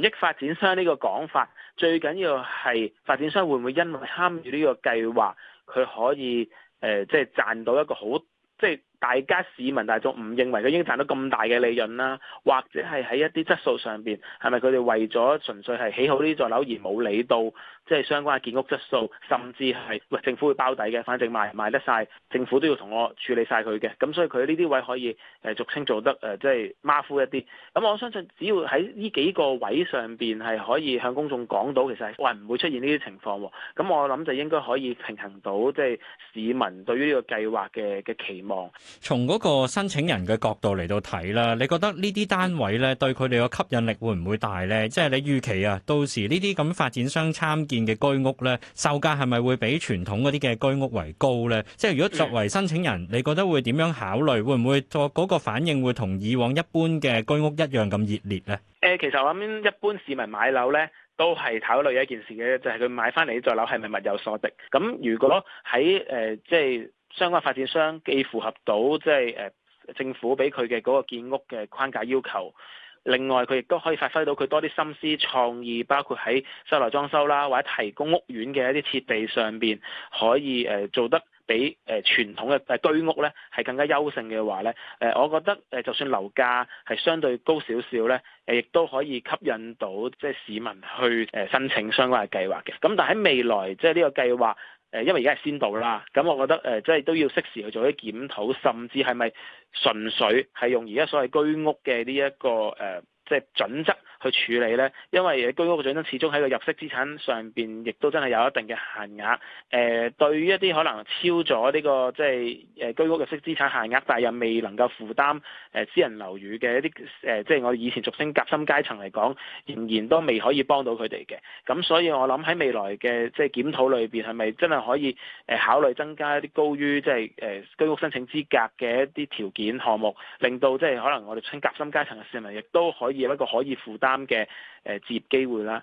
益發展商呢個講法，最緊要係發展商會唔會因為參與呢個計劃，佢可以誒、呃、即係賺到一個好即係。大家市民大眾唔認為佢應該賺到咁大嘅利潤啦、啊，或者係喺一啲質素上邊，係咪佢哋為咗純粹係起好呢座樓而冇理到，即係相關嘅建屋質素，甚至係政府會包底嘅，反正賣賣得晒，政府都要同我處理晒佢嘅。咁所以佢呢啲位可以誒俗稱做得誒即係馬虎一啲。咁我相信只要喺呢幾個位上邊係可以向公眾講到，其實係唔會出現呢啲情況喎。咁我諗就應該可以平衡到即係、就是、市民對於呢個計劃嘅嘅期望。從嗰個申請人嘅角度嚟到睇啦，你覺得呢啲單位咧對佢哋嘅吸引力會唔會大咧？即係你預期啊，到時呢啲咁發展商參建嘅居屋咧，售價係咪會比傳統嗰啲嘅居屋為高咧？即係如果作為申請人，你覺得會點樣考慮？會唔會作嗰個反應會同以往一般嘅居屋一樣咁熱烈咧？誒，其實我諗一般市民買樓咧，都係考慮一件事嘅，就係、是、佢買翻嚟座樓係咪物有所值？咁如果喺誒、呃、即係。相關發展商既符合到即係誒政府俾佢嘅嗰個建屋嘅框架要求，另外佢亦都可以發揮到佢多啲心思創意，包括喺室內裝修啦，或者提供屋苑嘅一啲設備上邊可以誒、呃、做得比誒、呃、傳統嘅誒居屋咧係更加優勝嘅話咧，誒、呃、我覺得誒就算樓價係相對高少少咧，誒亦都可以吸引到即係市民去誒、呃、申請相關嘅計劃嘅。咁但喺未來即係呢個計劃。誒，因為而家係先導啦，咁我覺得誒、呃，即係都要適時去做啲檢討，甚至係咪純粹係用而家所謂居屋嘅呢一個誒、呃即係準則去處理咧，因為居屋嘅準則始終喺個入息資產上邊，亦都真係有一定嘅限額。誒，對於一啲可能超咗呢個即係誒居屋入息資產限額，但係又未能夠負擔誒私人樓宇嘅一啲誒，即係我以前俗稱夾心階層嚟講，仍然都未可以幫到佢哋嘅。咁所以我諗喺未來嘅即係檢討裏邊，係咪真係可以誒考慮增加一啲高於即係誒居屋申請資格嘅一啲條件項目，令到即係可能我哋稱夾心階層嘅市民亦都可以。有一個可以負擔嘅誒、呃、置業機會啦。